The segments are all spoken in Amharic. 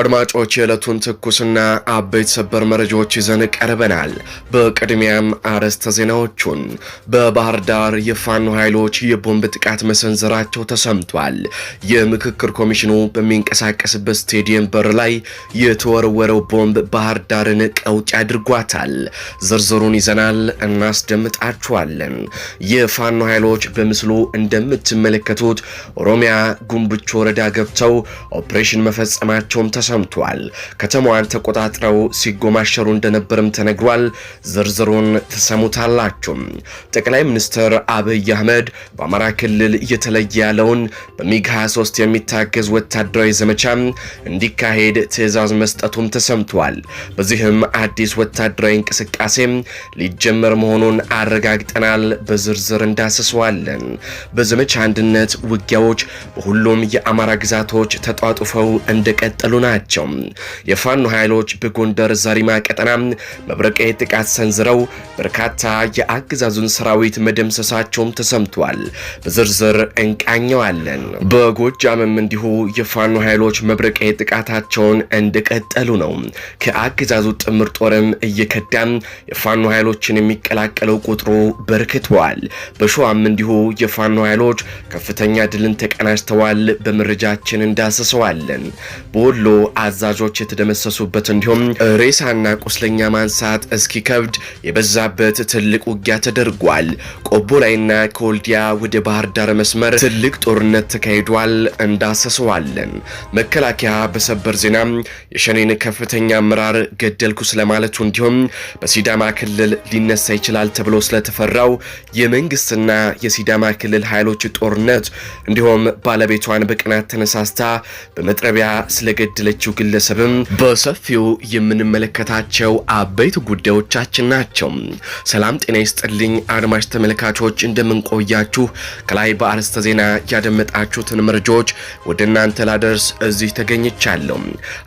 አድማጮች የዕለቱን ትኩስና አበይት ሰበር መረጃዎች ይዘን ቀርበናል። በቅድሚያም አርዕስተ ዜናዎቹን። በባህር ዳር የፋኖ ኃይሎች የቦምብ ጥቃት መሰንዘራቸው ተሰምቷል። የምክክር ኮሚሽኑ በሚንቀሳቀስበት ስቴዲየም በር ላይ የተወረወረው ቦምብ ባህር ዳርን ቀውጭ አድርጓታል። ዝርዝሩን ይዘናል፣ እናስደምጣችኋለን። የፋኖ ኃይሎች በምስሉ እንደምትመለከቱት ኦሮሚያ ጉንብቾ ወረዳ ገብተው ኦፕሬሽን መፈጸማቸውም ተሰ ተሰምቷል። ከተማዋን ተቆጣጥረው ሲጎማሸሩ እንደነበርም ተነግሯል። ዝርዝሩን ትሰሙታላችሁ። ጠቅላይ ሚኒስትር አብይ አህመድ በአማራ ክልል እየተለየ ያለውን በሚግ 23 የሚታገዝ ወታደራዊ ዘመቻ እንዲካሄድ ትዕዛዝ መስጠቱም ተሰምቷል። በዚህም አዲስ ወታደራዊ እንቅስቃሴ ሊጀመር መሆኑን አረጋግጠናል። በዝርዝር እንዳስሰዋለን። በዘመቻ አንድነት ውጊያዎች በሁሉም የአማራ ግዛቶች ተጧጡፈው እንደቀጠሉ ናቸው። ናቸው። የፋኖ ኃይሎች በጎንደር ዛሪማ ቀጠና መብረቃዊ ጥቃት ሰንዝረው በርካታ የአገዛዙን ሰራዊት መደምሰሳቸውም ተሰምቷል። በዝርዝር እንቃኘዋለን። በጎጃምም እንዲሁ የፋኖ ኃይሎች መብረቃዊ ጥቃታቸውን እንደቀጠሉ ነው። ከአገዛዙ ጥምር ጦርም እየከዳም የፋኖ ኃይሎችን የሚቀላቀለው ቁጥሩ በርክተዋል። በሸዋም እንዲሁ የፋኖ ኃይሎች ከፍተኛ ድልን ተቀናጅተዋል። በመረጃችን እንዳሰሰዋለን። በወሎ አዛዦች የተደመሰሱበት እንዲሁም ሬሳና ቁስለኛ ማንሳት እስኪከብድ የበዛበት ትልቅ ውጊያ ተደርጓል። ቆቦ ላይና ከወልዲያ ወደ ባህር ዳር መስመር ትልቅ ጦርነት ተካሂዷል። እንዳሰሰዋለን። መከላከያ በሰበር ዜና የሸኔን ከፍተኛ አመራር ገደልኩ ስለማለቱ እንዲሁም በሲዳማ ክልል ሊነሳ ይችላል ተብሎ ስለተፈራው የመንግስትና የሲዳማ ክልል ኃይሎች ጦርነት እንዲሁም ባለቤቷን በቅናት ተነሳስታ በመጥረቢያ ስለገድል ያለችው ግለሰብም በሰፊው የምንመለከታቸው አበይት ጉዳዮቻችን ናቸው። ሰላም ጤና ይስጥልኝ አድማጭ ተመልካቾች፣ እንደምንቆያችሁ ከላይ በአርዕስተ ዜና ያደመጣችሁትን መረጃዎች ወደ እናንተ ላደርስ እዚህ ተገኝቻለሁ።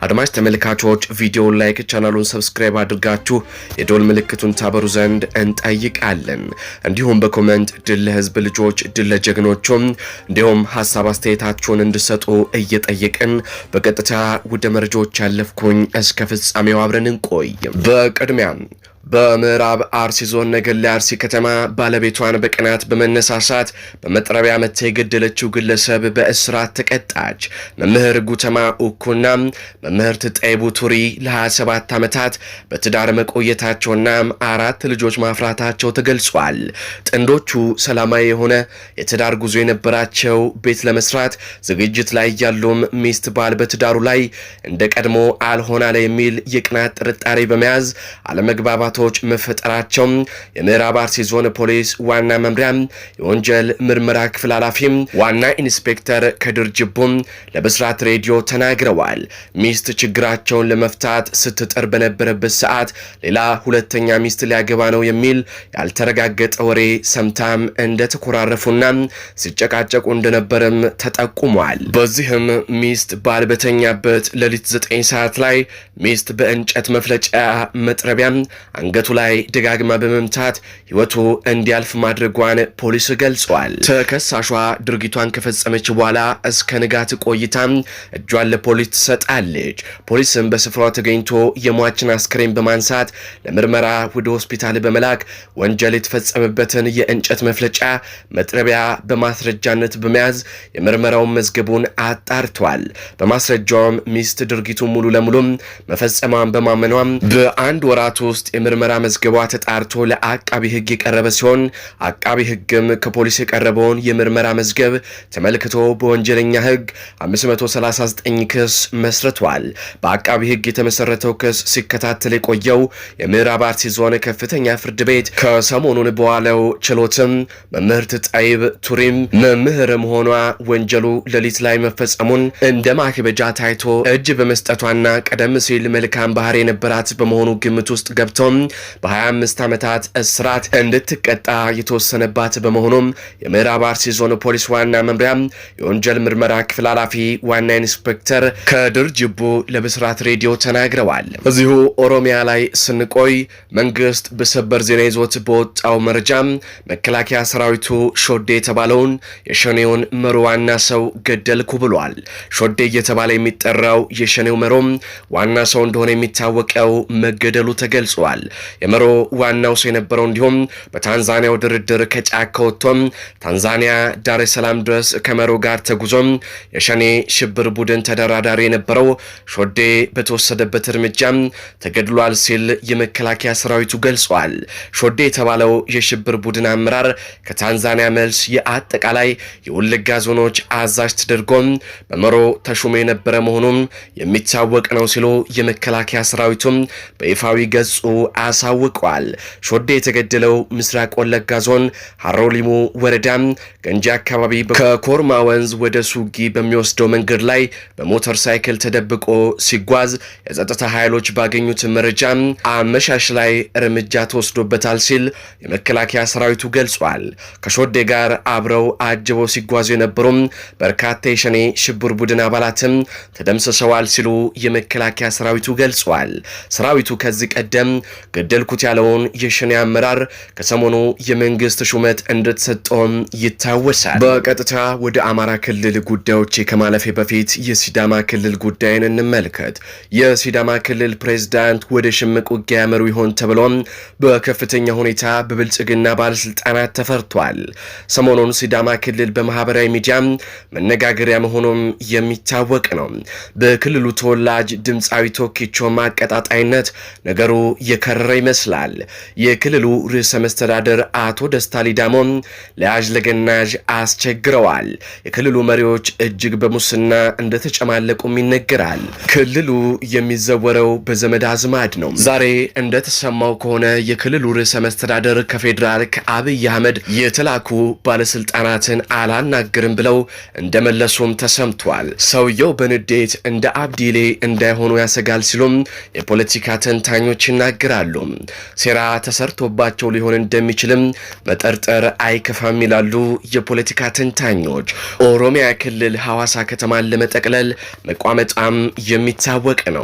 አድማጭ ተመልካቾች ቪዲዮውን ላይክ፣ ቻናሉን ሰብስክራይብ አድርጋችሁ የዶል ምልክቱን ታበሩ ዘንድ እንጠይቃለን። እንዲሁም በኮመንት ድል ለህዝብ ልጆች ድል ለጀግኖቹም እንዲሁም ሀሳብ አስተያየታችሁን እንድሰጡ እየጠየቅን በቀጥታ ወደ መረጃዎች ያለፍኩኝ፣ እስከ ፍጻሜው አብረን እንቆይ። በቅድሚያም በምዕራብ አርሲ ዞን ነገሌ አርሲ ከተማ ባለቤቷን በቅናት በመነሳሳት በመጥረቢያ መታ የገደለችው ግለሰብ በእስራት ተቀጣች። መምህር ጉተማ ኡኩና መምህርት ጠይቡ ቱሪ ለ27 ዓመታት በትዳር መቆየታቸውና አራት ልጆች ማፍራታቸው ተገልጿል። ጥንዶቹ ሰላማዊ የሆነ የትዳር ጉዞ የነበራቸው ቤት ለመስራት ዝግጅት ላይ ያሉም ሚስት ባል በትዳሩ ላይ እንደ ቀድሞ አልሆናለ የሚል የቅናት ጥርጣሬ በመያዝ አለመግባባት ጥቃቶች መፈጠራቸው የምዕራብ አርሲ ዞን ፖሊስ ዋና መምሪያ የወንጀል ምርመራ ክፍል ኃላፊ ዋና ኢንስፔክተር ከድር ጅቡ ለብስራት ሬዲዮ ተናግረዋል። ሚስት ችግራቸውን ለመፍታት ስትጥር በነበረበት ሰዓት ሌላ ሁለተኛ ሚስት ሊያገባ ነው የሚል ያልተረጋገጠ ወሬ ሰምታም እንደተኮራረፉና ሲጨቃጨቁ እንደነበረም ተጠቁሟል። በዚህም ሚስት ባል በተኛበት ሌሊት 9 ሰዓት ላይ ሚስት በእንጨት መፍለጫ መጥረቢያ አንገቱ ላይ ደጋግማ በመምታት ህይወቱ እንዲያልፍ ማድረጓን ፖሊስ ገልጿል። ተከሳሿ ድርጊቷን ከፈጸመች በኋላ እስከ ንጋት ቆይታ እጇን ለፖሊስ ትሰጣለች። ፖሊስም በስፍራው ተገኝቶ የሟችን አስክሬን በማንሳት ለምርመራ ወደ ሆስፒታል በመላክ ወንጀል የተፈጸመበትን የእንጨት መፍለጫ መጥረቢያ በማስረጃነት በመያዝ የምርመራውን መዝገቡን አጣርቷል። በማስረጃውም ሚስት ድርጊቱ ሙሉ ለሙሉም መፈጸሟን በማመኗም በአንድ ወራት ውስጥ የምርመራ መዝገቧ ተጣርቶ ለአቃቢ ህግ የቀረበ ሲሆን አቃቢ ህግም ከፖሊስ የቀረበውን የምርመራ መዝገብ ተመልክቶ በወንጀለኛ ህግ 539 ክስ መስርቷል። በአቃቢ ህግ የተመሰረተው ክስ ሲከታተል የቆየው የምዕራብ አርሲ ዞን ከፍተኛ ፍርድ ቤት ከሰሞኑን በዋለው ችሎትም መምህርት ጠይብ ቱሪም መምህር መሆኗ ወንጀሉ ሌሊት ላይ መፈጸሙን እንደ ማክበጃ ታይቶ እጅ በመስጠቷና ቀደም ሲል መልካም ባህሪ የነበራት በመሆኑ ግምት ውስጥ ገብቶም በ25 ዓመታት እስራት እንድትቀጣ የተወሰነባት በመሆኑም የምዕራብ አርሲ ዞን ፖሊስ ዋና መምሪያ የወንጀል ምርመራ ክፍል ኃላፊ ዋና ኢንስፔክተር ከድር ጅቡ ለብስራት ሬዲዮ ተናግረዋል። እዚሁ ኦሮሚያ ላይ ስንቆይ መንግስት በሰበር ዜና ይዞት በወጣው መረጃ መከላከያ ሰራዊቱ ሾዴ የተባለውን የሸኔውን መሮ ዋና ሰው ገደልኩ ብሏል። ሾዴ እየተባለ የሚጠራው የሸኔው መሮም ዋና ሰው እንደሆነ የሚታወቀው መገደሉ ተገልጿል። የመሮ ዋናው ሰው የነበረው እንዲሁም በታንዛኒያው ድርድር ከጫካ ወጥቶም ታንዛኒያ ዳሬ ሰላም ድረስ ከመሮ ጋር ተጉዞም የሸኔ ሽብር ቡድን ተደራዳሪ የነበረው ሾዴ በተወሰደበት እርምጃም ተገድሏል ሲል የመከላከያ ሰራዊቱ ገልጿል። ሾዴ የተባለው የሽብር ቡድን አመራር ከታንዛኒያ መልስ የአጠቃላይ የወለጋ ዞኖች አዛዥ ተደርጎም በመሮ ተሹሞ የነበረ መሆኑም የሚታወቅ ነው ሲሉ የመከላከያ ሰራዊቱም በይፋዊ ገጹ አሳውቀዋል። ሾዴ የተገደለው ምስራቅ ወለጋ ዞን ሀሮሊሙ ወረዳም ገንጂ አካባቢ ከኮርማ ወንዝ ወደ ሱጊ በሚወስደው መንገድ ላይ በሞተር ሳይክል ተደብቆ ሲጓዝ የጸጥታ ኃይሎች ባገኙት መረጃ አመሻሽ ላይ እርምጃ ተወስዶበታል ሲል የመከላከያ ሰራዊቱ ገልጿል። ከሾዴ ጋር አብረው አጅበው ሲጓዙ የነበሩም በርካታ የሸኔ ሽብር ቡድን አባላትም ተደምስሰዋል ሲሉ የመከላከያ ሰራዊቱ ገልጿል። ሰራዊቱ ከዚህ ቀደም ገደልኩት ያለውን የሸኔ አመራር ከሰሞኑ የመንግስት ሹመት እንደተሰጠውም ይታወሳል። በቀጥታ ወደ አማራ ክልል ጉዳዮቼ ከማለፌ በፊት የሲዳማ ክልል ጉዳይን እንመልከት። የሲዳማ ክልል ፕሬዝዳንት ወደ ሽምቅ ውጊያ ያመሩ ይሆን ተብሎም በከፍተኛ ሁኔታ በብልጽግና ባለስልጣናት ተፈርቷል። ሰሞኑን ሲዳማ ክልል በማህበራዊ ሚዲያም መነጋገሪያ መሆኑም የሚታወቅ ነው። በክልሉ ተወላጅ ድምፃዊ ቶኪቾ ማቀጣጣይነት ነገሩ የከረ የተባረረ ይመስላል። የክልሉ ርዕሰ መስተዳደር አቶ ደስታ ሊዳሞን ለያዥ ለገናዥ አስቸግረዋል። የክልሉ መሪዎች እጅግ በሙስና እንደተጨማለቁም ይነገራል። ክልሉ የሚዘወረው በዘመድ አዝማድ ነው። ዛሬ እንደተሰማው ከሆነ የክልሉ ርዕሰ መስተዳደር ከፌዴራል ከአብይ አህመድ የተላኩ ባለስልጣናትን አላናግርም ብለው እንደመለሱም ተሰምቷል። ሰውየው በንዴት እንደ አብዲሌ እንዳይሆኑ ያሰጋል ሲሉም የፖለቲካ ተንታኞች ይናገራሉ። ይላሉ። ሴራ ተሰርቶባቸው ሊሆን እንደሚችልም መጠርጠር አይከፋም ይላሉ የፖለቲካ ተንታኞች። ኦሮሚያ ክልል ሐዋሳ ከተማን ለመጠቅለል መቋመጣም የሚታወቅ ነው።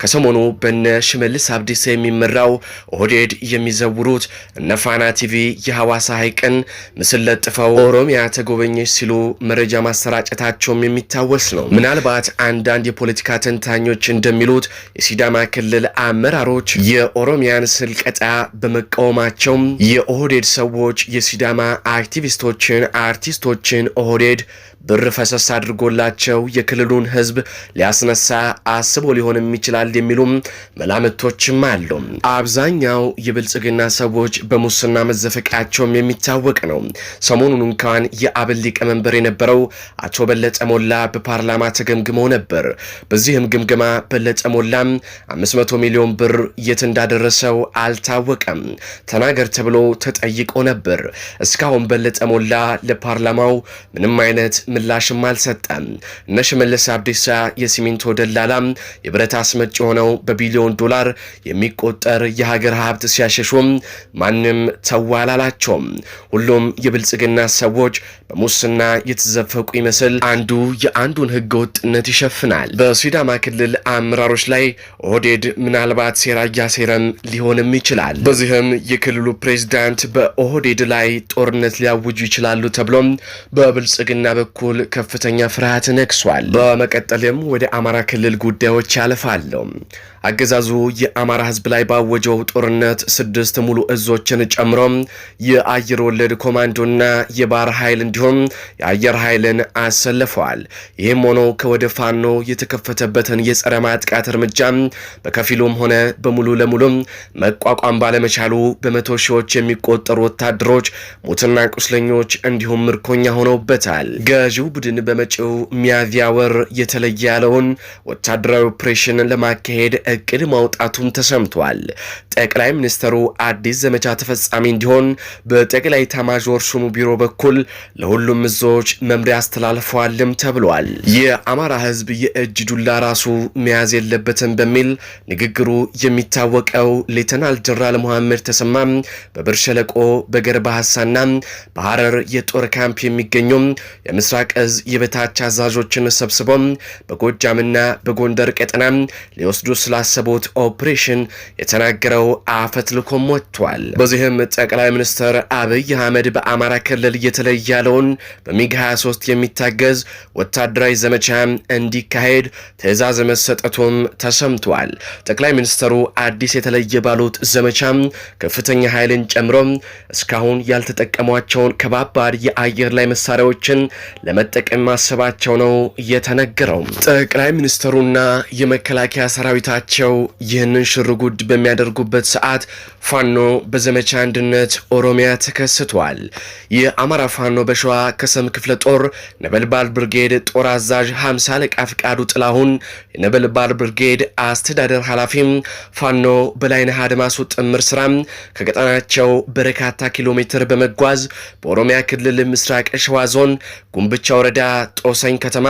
ከሰሞኑ በነ ሽመልስ አብዲሳ የሚመራው ኦህዴድ የሚዘውሩት እነ ፋና ቲቪ የሐዋሳ ሐይቅን ምስል ለጥፈው ኦሮሚያ ተጎበኘች ሲሉ መረጃ ማሰራጨታቸውም የሚታወስ ነው። ምናልባት አንዳንድ የፖለቲካ ተንታኞች እንደሚሉት የሲዳማ ክልል አመራሮች የኦሮሚያ የኦሮሚያን ስልቀጣ በመቃወማቸው የኦህዴድ ሰዎች የሲዳማ አክቲቪስቶችን፣ አርቲስቶችን ኦህዴድ ብር ፈሰስ አድርጎላቸው የክልሉን ህዝብ ሊያስነሳ አስቦ ሊሆንም ይችላል የሚሉም መላምቶችም አሉ። አብዛኛው የብልጽግና ሰዎች በሙስና መዘፈቃቸውም የሚታወቅ ነው። ሰሞኑን እንኳን የአብን ሊቀመንበር የነበረው አቶ በለጠ ሞላ በፓርላማ ተገምግሞ ነበር። በዚህም ግምገማ በለጠ ሞላም 500 ሚሊዮን ብር የት እንዳደረሰ ሰው አልታወቀም። ተናገር ተብሎ ተጠይቆ ነበር። እስካሁን በለጠ ሞላ ለፓርላማው ምንም አይነት ምላሽም አልሰጠም። እነ መለስ አብዲሳ የሲሚንቶ ደላላም የብረት አስመጭ የሆነው በቢሊዮን ዶላር የሚቆጠር የሀገር ሀብት ሲያሸሹም ማንም ተው አላላቸውም። ሁሉም የብልጽግና ሰዎች በሙስና የተዘፈቁ ይመስል አንዱ የአንዱን ህገ ወጥነት ይሸፍናል። በሲዳማ ክልል አመራሮች ላይ ኦህዴድ ምናልባት ሴራ እያሴረም ሊሆንም ይችላል። በዚህም የክልሉ ፕሬዚዳንት በኦህዴድ ላይ ጦርነት ሊያውጁ ይችላሉ ተብሎም በብልጽግና በኩል ከፍተኛ ፍርሃት ነግሷል። በመቀጠልም ወደ አማራ ክልል ጉዳዮች ያልፋለሁ። አገዛዙ የአማራ ህዝብ ላይ ባወጀው ጦርነት ስድስት ሙሉ እዞችን ጨምሮ የአየር ወለድ ኮማንዶና የባህር ኃይል እንዲሁም የአየር ኃይልን አሰልፈዋል። ይህም ሆኖ ከወደ ፋኖ የተከፈተበትን የጸረ ማጥቃት እርምጃ በከፊሉም ሆነ በሙሉ ለሙሉ መቋቋም ባለመቻሉ በመቶ ሺዎች የሚቆጠሩ ወታደሮች ሙትና ቁስለኞች እንዲሁም ምርኮኛ ሆነውበታል። ገዢው ቡድን በመጪው ሚያዝያ ወር የተለየ ያለውን ወታደራዊ ኦፕሬሽን ለማካሄድ እቅድ ማውጣቱም ተሰምቷል። ጠቅላይ ሚኒስትሩ አዲስ ዘመቻ ተፈጻሚ እንዲሆን በጠቅላይ ኤታማዦር ሹሙ ቢሮ በኩል ለሁሉም እዞች መምሪያ አስተላልፈዋልም ተብሏል። የአማራ ህዝብ የእጅ ዱላ ራሱ መያዝ የለበትም በሚል ንግግሩ የሚታወቀው ሌተናል ጀነራል መሐመድ ተሰማ በብር ሸለቆ በገርባ ሀሳና በሐረር የጦር ካምፕ የሚገኙ የምስራቅ እዝ የበታች አዛዦችን ሰብስቦ በጎጃምና በጎንደር ቀጠና ሊወስዱ ስላ ስላሰቡት ኦፕሬሽን የተናገረው አፈትልኮም ወጥቷል። በዚህም ጠቅላይ ሚኒስትር አብይ አህመድ በአማራ ክልል እየተለየ ያለውን በሚግ 23 የሚታገዝ ወታደራዊ ዘመቻ እንዲካሄድ ትዕዛዝ መሰጠቱም ተሰምቷል። ጠቅላይ ሚኒስትሩ አዲስ የተለየ ባሉት ዘመቻ ከፍተኛ ኃይልን ጨምሮ እስካሁን ያልተጠቀሟቸውን ከባባድ የአየር ላይ መሳሪያዎችን ለመጠቀም ማሰባቸው ነው የተነገረው። ጠቅላይ ሚኒስትሩና የመከላከያ ሰራዊታቸው ናቸው። ይህንን ጉድ በሚያደርጉበት ሰዓት ፋኖ በዘመቻ አንድነት ኦሮሚያ ተከስቷል። የአማራ ፋኖ በሸዋ ከሰም ክፍለ ጦር ነበልባል ብርጌድ ጦር አዛዥ 50 አለቃ ፍቃዱ ጥላሁን፣ የነበልባል ብርጌድ አስተዳደር ኃላፊም ፋኖ በላይነህ አድማሱ ጥምር ስራም ከቀጠናቸው በርካታ ኪሎ ሜትር በመጓዝ በኦሮሚያ ክልል ምስራቅ ሸዋ ዞን ጉንብቻ ወረዳ ጦሰኝ ከተማ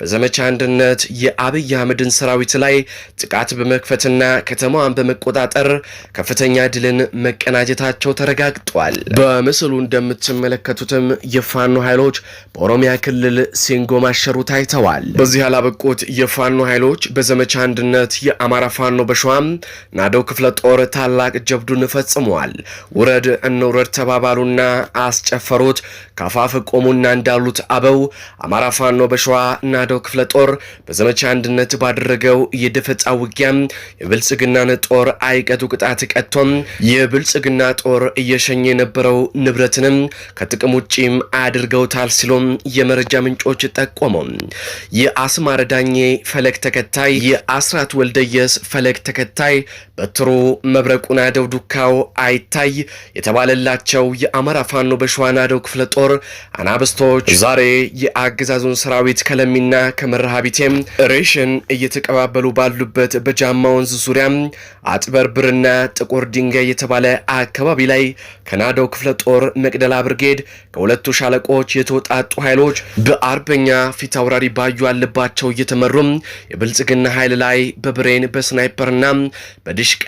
በዘመቻ አንድነት የአብይ አህመድን ሰራዊት ላይ ጥቃት በመክፈትና ከተማዋን በመቆጣጠር ከፍተኛ ድልን መቀናጀታቸው ተረጋግጧል። በምስሉ እንደምትመለከቱትም የፋኖ ኃይሎች በኦሮሚያ ክልል ሲንጎ ማሸሩ ታይተዋል። በዚህ ያላበቁት የፋኖ ኃይሎች በዘመቻ አንድነት የአማራ ፋኖ በሸዋም ናደው ክፍለ ጦር ታላቅ ጀብዱን ፈጽመዋል። ውረድ እንውረድ ተባባሉና አስጨፈሩት። ካፋፍ ቆሙና እንዳሉት አበው አማራ ፋኖ በሸዋ ናደው ክፍለ ጦር በዘመቻ አንድነት ባደረገው የደፈጣ ውጊያ የብልጽግናን ጦር አይቀጡ ቅጣት ቀጥቶም የብልጽግና ጦር እየሸኘ የነበረው ንብረትንም ከጥቅም ውጪም አድርገውታል ሲሉም የመረጃ ምንጮች ጠቆመው። የአስማረ ዳኜ ፈለግ ተከታይ፣ የአስራት ወልደየስ ፈለግ ተከታይ በትሩ መብረቁን አደው ዱካው አይታይ የተባለላቸው የአማራ ፋኖ በሸዋና አደው ክፍለ ጦር አናብስቶች ዛሬ የአገዛዙን ሰራዊት ከለሚና ከመርሃ ሬሽን እየተቀባበሉ ባሉበት በጃማ ወንዝ ዙሪያ አጥበርብርና ጥቁር ድንጋይ የተባለ አካባቢ ላይ ከናደው ክፍለ ጦር መቅደላ ብርጌድ ከሁለቱ ሻለቆች የተወጣጡ ኃይሎች በአርበኛ ፊት አውራሪ ባዩ አለባቸው እየተመሩ የብልጽግና ኃይል ላይ በብሬን በስናይፐርና በድሽቃ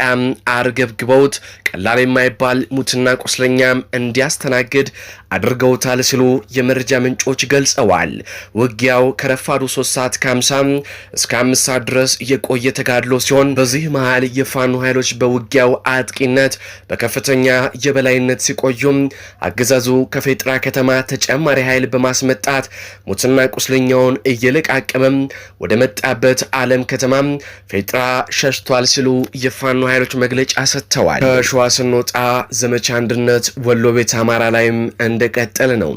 አርገብግበውት ቀላል የማይባል ሙትና ቁስለኛም እንዲያስተናግድ አድርገውታል ሲሉ የመረጃ ምንጮች ገልጸዋል። ውጊያው ከረፋዱ 3 ሰዓት ከ50 እስከ 5 ሰዓት ድረስ የቆየ ተጋድሎ ሲሆን በዚህ መሃል የፋኑ ኃይሎች በውጊያው አጥቂነት በከፍተኛ የበላይነት ሲቆዩም አገዛዙ ከፌጥራ ከተማ ተጨማሪ ኃይል በማስመጣት ሙትና ቁስለኛውን እየለቃቀመም ወደ መጣበት ዓለም ከተማ ፌጥራ ሸሽቷል ሲሉ የፋኑ ኃይሎች መግለጫ ሰጥተዋል። ከሸዋ ስንወጣ ዘመቻ አንድነት ወሎ ቤት አማራ ላይም እንደ እንደቀጠለ ነው።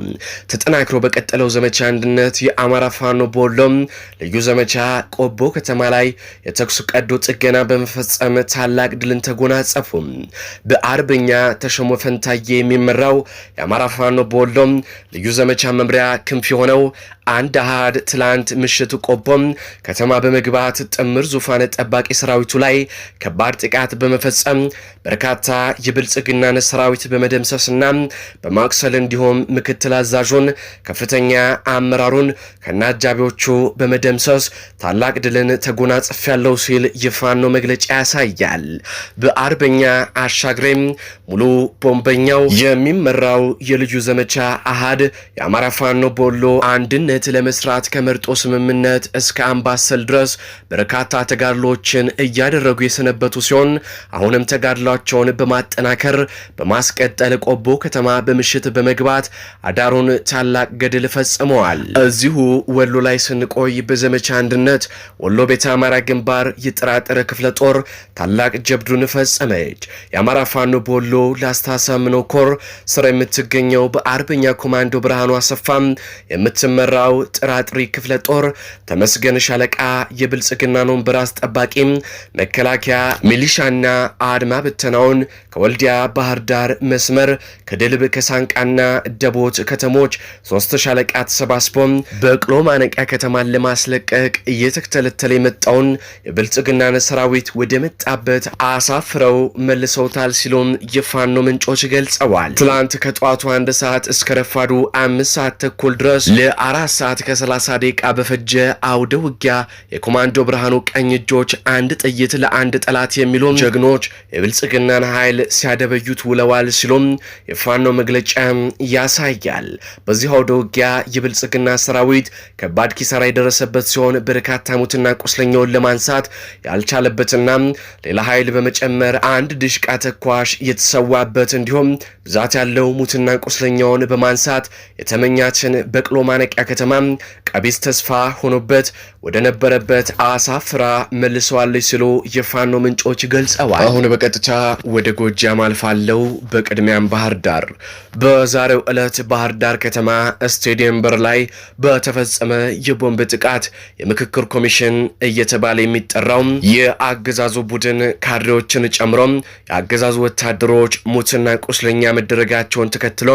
ተጠናክሮ በቀጠለው ዘመቻ አንድነት የአማራ ፋኖ በወሎም ልዩ ዘመቻ ቆቦ ከተማ ላይ የተኩስ ቀዶ ጥገና በመፈጸም ታላቅ ድልን ተጎናጸፉ። በአርበኛ ተሸሞ ፈንታዬ የሚመራው የአማራ ፋኖ በወሎም ልዩ ዘመቻ መምሪያ ክንፍ የሆነው አንድ አሃድ ትላንት ምሽት ቆቦም ከተማ በመግባት ጥምር ዙፋን ጠባቂ ሰራዊቱ ላይ ከባድ ጥቃት በመፈጸም በርካታ የብልጽግናን ሰራዊት በመደምሰስና በማቁሰል እንዲ እንዲሁም ምክትል አዛዡን፣ ከፍተኛ አመራሩን ከነአጃቢዎቹ በመደምሰስ ታላቅ ድልን ተጎናጽፍ ያለው ሲል የፋኖ መግለጫ ያሳያል። በአርበኛ አሻግሬም ሙሉ ቦምበኛው የሚመራው የልዩ ዘመቻ አሃድ የአማራ ፋኖ ቦሎ አንድነት ለመስራት ከመርጦ ስምምነት እስከ አምባሰል ድረስ በርካታ ተጋድሎችን እያደረጉ የሰነበቱ ሲሆን አሁንም ተጋድሏቸውን በማጠናከር በማስቀጠል ቆቦ ከተማ በምሽት በመግባት በመግባት አዳሩን ታላቅ ገድል ፈጽመዋል። እዚሁ ወሎ ላይ ስንቆይ በዘመቻ አንድነት ወሎ ቤተ አማራ ግንባር የጥራጥረ ክፍለ ጦር ታላቅ ጀብዱን ፈጸመች። የአማራ ፋኖ በወሎ ላስታ ኮር ስር የምትገኘው በአርበኛ ኮማንዶ ብርሃኑ አሰፋም የምትመራው ጥራጥሪ ክፍለ ጦር ተመስገን ሻለቃ ነውን በራስ አስጠባቂም መከላከያ ሚሊሻና አድማ ብተናውን ከወልዲያ ባህር ዳር መስመር ከድልብ ከሳንቃና ደቦት ከተሞች ሶስት ሻለቃ ተሰባስቦም በቅሎ ማነቂያ ከተማን ለማስለቀቅ እየተተለተለ የመጣውን የብልጽግናን ሰራዊት ወደ መጣበት አሳፍረው መልሰውታል ሲሉም የፋኖ ምንጮች ገልጸዋል። ትላንት ከጠዋቱ አንድ ሰዓት እስከ ረፋዱ አምስት ሰዓት ተኩል ድረስ ለአራት ሰዓት ከሰላሳ ደቂቃ በፈጀ አውደ ውጊያ የኮማንዶ ብርሃኑ ቀኝ እጆች አንድ ጥይት ለአንድ ጠላት የሚሉም ጀግኖች የብልጽግናን ኃይል ሲያደበዩት ውለዋል ሲሉም የፋኖ መግለጫ ያሳያል። በዚህ አውደ ውጊያ የብልጽግና ሰራዊት ከባድ ኪሳራ የደረሰበት ሲሆን በርካታ ሙትና ቁስለኛውን ለማንሳት ያልቻለበትና ሌላ ኃይል በመጨመር አንድ ድሽቃ ተኳሽ የተሰዋበት እንዲሁም ብዛት ያለው ሙትና ቁስለኛውን በማንሳት የተመኛችን በቅሎ ማነቂያ ከተማ ቀቢስ ተስፋ ሆኖበት ወደ ነበረበት አሳፍራ መልሰዋለች ሲሉ የፋኖ ምንጮች ገልጸዋል። አሁን በቀጥታ ወደ ጎጃም አልፋለው። በቅድሚያም ባህር ዳር በዛ በዛሬው ዕለት ባህር ዳር ከተማ ስቴዲየም በር ላይ በተፈጸመ የቦምብ ጥቃት የምክክር ኮሚሽን እየተባለ የሚጠራው የአገዛዙ ቡድን ካድሬዎችን ጨምሮ የአገዛዙ ወታደሮች ሙትና ቁስለኛ መደረጋቸውን ተከትሎ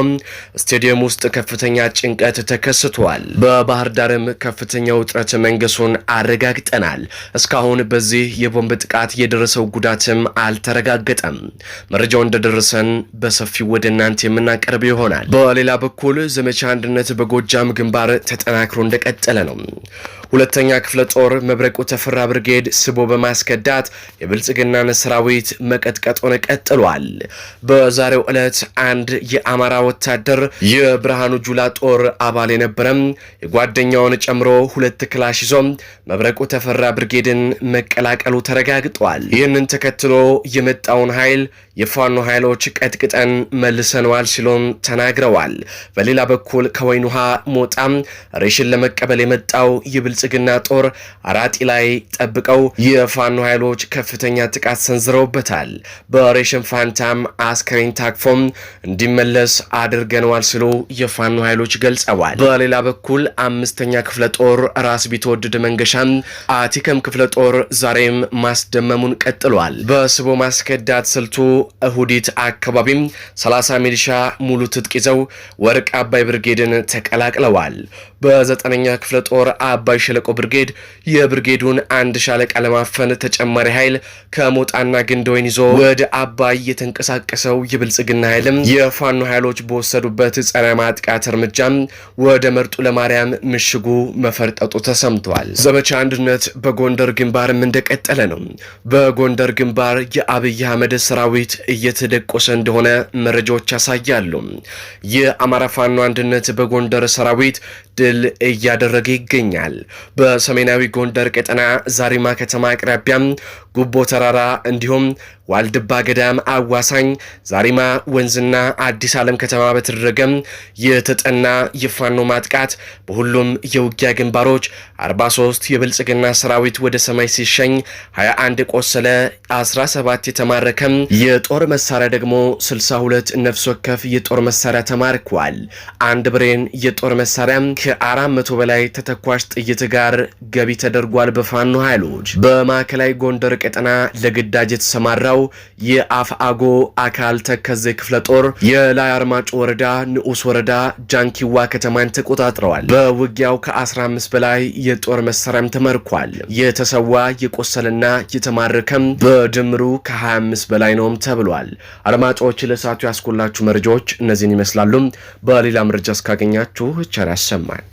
ስቴዲየም ውስጥ ከፍተኛ ጭንቀት ተከስቷል። በባህር ዳርም ከፍተኛ ውጥረት መንገሱን አረጋግጠናል። እስካሁን በዚህ የቦምብ ጥቃት የደረሰው ጉዳትም አልተረጋገጠም። መረጃው እንደደረሰን በሰፊው ወደ እናንተ የምናቀርብ ይሆናል። ይገኛል። በሌላ በኩል ዘመቻ አንድነት በጎጃም ግንባር ተጠናክሮ እንደቀጠለ ነው። ሁለተኛ ክፍለ ጦር መብረቁ ተፈራ ብርጌድ ስቦ በማስከዳት የብልጽግናን ሰራዊት መቀጥቀጡን ቀጥሏል። በዛሬው ዕለት አንድ የአማራ ወታደር የብርሃኑ ጁላ ጦር አባል የነበረም የጓደኛውን ጨምሮ ሁለት ክላሽ ይዞ መብረቁ ተፈራ ብርጌድን መቀላቀሉ ተረጋግጧል። ይህንን ተከትሎ የመጣውን ኃይል የፋኖ ኃይሎች ቀጥቅጠን መልሰነዋል ሲሉም ተናግረዋል። በሌላ በኩል ከወይን ውሃ ሞጣም ሬሽን ለመቀበል የመጣው የብል የብልጽግና ጦር አራጢ ላይ ጠብቀው የፋኖ ኃይሎች ከፍተኛ ጥቃት ሰንዝረውበታል። በሬሽን ፋንታም አስከሬን ታቅፎም እንዲመለስ አድርገነዋል ሲሉ የፋኖ ኃይሎች ገልጸዋል። በሌላ በኩል አምስተኛ ክፍለ ጦር ራስ ቢትወደድ መንገሻም አቲከም ክፍለ ጦር ዛሬም ማስደመሙን ቀጥሏል። በስቦ ማስከዳት ስልቱ እሁዲት አካባቢም 30 ሚሊሻ ሙሉ ትጥቅ ይዘው ወርቅ አባይ ብርጌድን ተቀላቅለዋል። በዘጠነኛ ክፍለ ጦር አባይ ሸለቆ ብርጌድ የብርጌዱን አንድ ሻለቃ ለማፈን ተጨማሪ ኃይል ከሞጣና ወይን ይዞ ወደ አባይ የተንቀሳቀሰው የብልጽግና ኃይልም የፋኖ ኃይሎች በወሰዱበት ጸረ ማጥቃት እርምጃም ወደ መርጡ ለማርያም ምሽጉ መፈርጠጡ ተሰምቷል። ዘመቻ አንድነት በጎንደር ግንባርም እንደቀጠለ ነው። በጎንደር ግንባር የአብይ አህመድ ሰራዊት እየተደቆሰ እንደሆነ መረጃዎች ያሳያሉ። የአማራ ፋኖ አንድነት በጎንደር ሰራዊት ድል እያደረገ ይገኛል። በሰሜናዊ ጎንደር ቀጠና ዛሪማ ከተማ አቅራቢያ ጉቦ ተራራ እንዲሁም ዋልድባ ገዳም አዋሳኝ ዛሪማ ወንዝና አዲስ ዓለም ከተማ በተደረገም የተጠና የፋኖ ማጥቃት በሁሉም የውጊያ ግንባሮች 43 የብልጽግና ሰራዊት ወደ ሰማይ ሲሸኝ 21 ቆሰለ 17 የተማረከም የጦር መሳሪያ ደግሞ 62 ነፍስ ወከፍ የጦር መሳሪያ ተማርኳል። አንድ ብሬን የጦር መሳሪያ ከ400 በላይ ተተኳሽ ጥይት ጋር ገቢ ተደርጓል። በፋኖ ኃይሎች በማዕከላዊ ጎንደር ቀጠና ለግዳጅ የተሰማራው የአፍአጎ አካል ተከዜ ክፍለ ጦር የላይ አርማጭ ወረዳ ንዑስ ወረዳ ጃንኪዋ ከተማን ተቆጣጥረዋል። በውጊያው ከ15 በላይ የጦር መሳሪያም ተመርኳል። የተሰዋ የቆሰልና የተማረከም በድምሩ ከ25 በላይ ነውም ተብሏል። አድማጮች ለሰዓቱ ያስኮላችሁ መረጃዎች እነዚህን ይመስላሉ። በሌላ መረጃ እስካገኛችሁ ቸር ያሰማል።